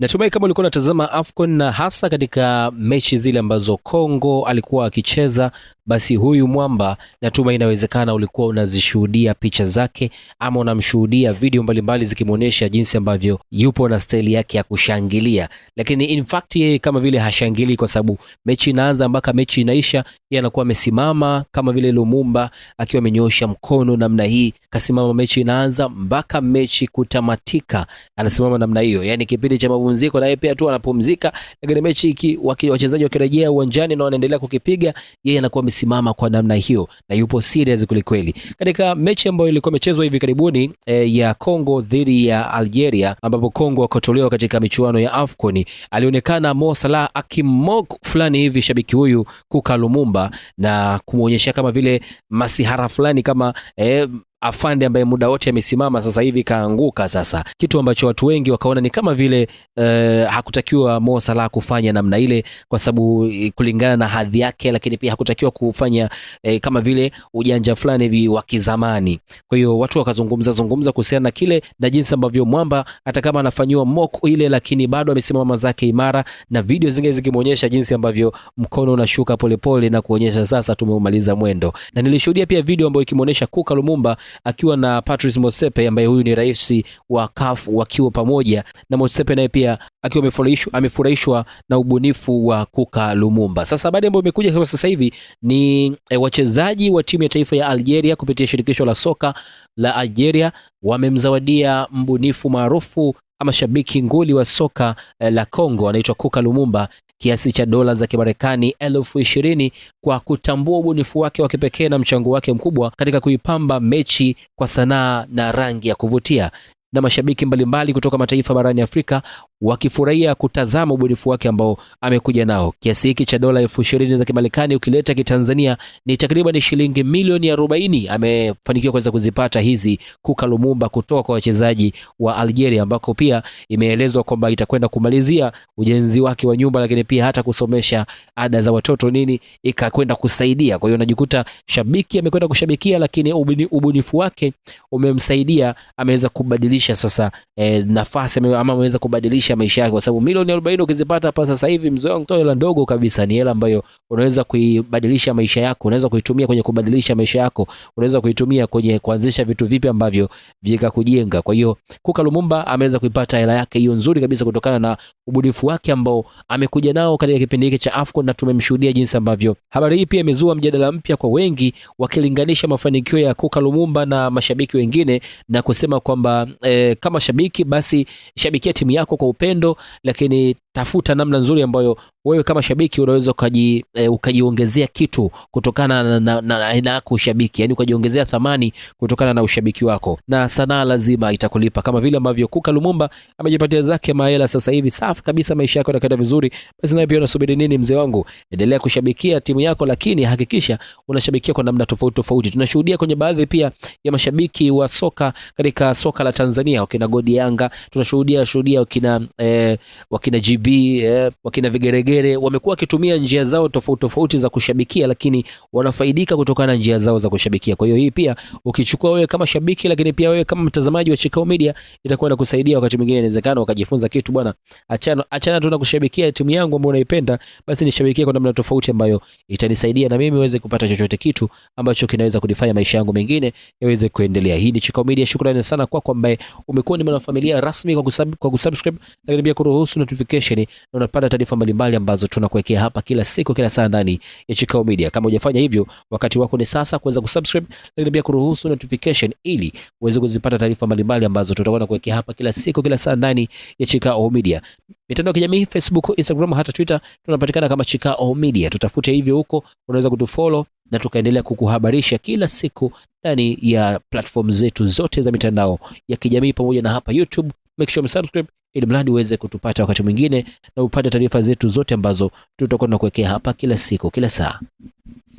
Natumai kama ulikuwa unatazama AFCON na hasa katika mechi zile ambazo Kongo alikuwa akicheza, basi huyu mwamba natumai inawezekana ulikuwa unazishuhudia picha zake ama unamshuhudia video mbalimbali zikimwonyesha jinsi ambavyo yupo na staili yake ya kushangilia, lakini in fact yeye kama vile hashangilii, kwa sababu mechi inaanza mpaka mechi inaisha, yeye anakuwa amesimama kama vile Lumumba akiwa amenyoosha mkono namna hii, kasimama mechi inaanza mpaka mechi kutamatika, anasimama namna hiyo, yani kipindi cha mabu mapumziko, naye pia tu anapumzika. Lakini mechi hiki wachezaji wakirejea uwanjani na wanaendelea kukipiga, yeye anakuwa amesimama kwa namna hiyo na yupo serious kwelikweli. Katika mechi ambayo ilikuwa imechezwa hivi karibuni e, ya Kongo dhidi ya Algeria, ambapo Kongo wakatolewa katika michuano ya AFCON, alionekana Mo Salah akimok fulani hivi shabiki huyu Kuka Lumumba na kumuonyesha kama vile masihara fulani kama e, afande ambaye muda wote amesimama, sasa hivi kaanguka. Sasa kitu ambacho watu wengi wakaona ni kama vile eh, hakutakiwa Mo Salah kufanya namna ile, kwa sababu eh, kulingana na hadhi yake, lakini pia hakutakiwa kufanya eh, kama vile ujanja fulani hivi wa kizamani. Kwa hiyo watu wakazungumza zungumza kuhusiana na kile na jinsi ambavyo mwamba hata kama anafanyiwa mock ile, lakini bado amesimama zake imara, na video zingine zikimuonyesha jinsi ambavyo mkono unashuka polepole pole, na kuonyesha sasa tumeumaliza mwendo, na nilishuhudia pia video ambayo ikimuonyesha Kuka Lumumba akiwa na Patrice Motsepe ambaye huyu ni rais wa CAF wakiwa pamoja na Motsepe naye pia akiwa amefurahishwa amefurahishwa na ubunifu wa Kuka Lumumba. Sasa baada ambayo imekuja kwa sasa hivi ni e, wachezaji wa timu ya taifa ya Algeria kupitia shirikisho la soka la Algeria wamemzawadia mbunifu maarufu ama shabiki nguli wa soka eh, la Kongo anaitwa Kuka Lumumba kiasi cha dola za Kimarekani elfu ishirini kwa kutambua ubunifu wake wa kipekee na mchango wake mkubwa katika kuipamba mechi kwa sanaa na rangi ya kuvutia na mashabiki mbalimbali mbali kutoka mataifa barani Afrika wakifurahia kutazama ubunifu wake ambao amekuja nao. Kiasi hiki cha dola elfu ishirini za Kimarekani ukileta kitanzania ni takriban shilingi milioni arobaini amefanikiwa kuweza kuzipata hizi Kuka Lumumba kutoka kwa wachezaji wa Algeria, ambako pia imeelezwa kwamba itakwenda kumalizia ujenzi wake wa nyumba, lakini pia hata kusomesha ada za watoto nini, ikakwenda kusaidia. Kwa hiyo unajikuta shabiki amekwenda kushabikia, lakini ubunifu wake umemsaidia, ameweza kubadilisha kubadilisha sasa e, nafasi ama ameweza kubadilisha maisha yake, kwa sababu milioni 40 ukizipata hapa sasa hivi, mzee wangu, hela ndogo kabisa, ni hela ambayo unaweza kuibadilisha maisha yako, unaweza kuitumia kwenye kubadilisha maisha yako, unaweza kuitumia kwenye kuanzisha vitu vipi ambavyo vikakujenga. Kwa hiyo Kuka Lumumba ameweza kuipata hela yake hiyo nzuri kabisa kutokana na ubunifu wake ambao amekuja nao katika kipindi hiki cha AFCON, na tumemshuhudia jinsi ambavyo habari hii pia imezua mjadala mpya kwa wengi, wakilinganisha mafanikio ya Kuka Lumumba na mashabiki wengine na kusema kwamba Eh, kama shabiki basi shabikia timu yako kwa upendo, lakini tafuta namna nzuri ambayo wewe kama shabiki unaweza ukaji, e, ukajiongezea kitu kutokana na aina yako ushabiki, yani ukajiongezea thamani kutokana na ushabiki wako, na sanaa lazima itakulipa, kama vile ambavyo Kuka Lumumba amejipatia zake maela sasa hivi. Safi kabisa, maisha yako yanakwenda vizuri. Basi nawe pia unasubiri nini, mzee wangu? Endelea kushabikia timu yako, lakini hakikisha unashabikia kwa namna tofauti tofauti. Tunashuhudia kwenye baadhi pia ya mashabiki wa soka katika soka la Tanzania, wakina Godi Yanga tunashuhudia shuhudia wakina eh, wakina GB eh, wakina Vigerege Nyerere wamekuwa wakitumia njia zao tofauti tofauti za kushabikia, lakini wanafaidika kutokana na njia zao za kushabikia. Kwa hiyo hii pia ukichukua wewe kama shabiki, lakini pia wewe kama mtazamaji wa Chikao Media itakuwa inakusaidia wakati mwingine, inawezekana ukajifunza kitu. Bwana, achana achana tu na kushabikia timu yangu ambayo unaipenda, basi nishabikie kwa namna tofauti ambayo itanisaidia na mimi niweze kupata chochote kitu ambacho kinaweza kunifanya maisha yangu mengine yaweze kuendelea. Hii ni Chikao Media. Shukrani sana kwako ambaye umekuwa ni mwanafamilia rasmi kwa kusub, kwa kusubscribe, lakini pia kuruhusu notification na unapata taarifa mbalimbali ambazo tunakuwekea hapa kila siku kila saa ndani ya Chikao Media. Kama hujafanya hivyo, wakati wako ni sasa kuweza kusubscribe, lakini pia kuruhusu notification ili uweze kuzipata taarifa mbalimbali ambazo tutakuwa tunakuwekea hapa kila siku kila saa ndani ya Chikao Media. Mitandao ya kijamii Facebook, Instagram hata Twitter tunapatikana kama Chikao Media. Tutafute hivyo huko, unaweza kutufollow na tukaendelea kukuhabarisha kila siku ndani ya platform zetu zote za mitandao ya kijamii pamoja na hapa YouTube. Make sure you subscribe ili mradi uweze kutupata wakati mwingine na upate taarifa zetu zote ambazo tutakuwa tunakuwekea hapa kila siku, kila saa.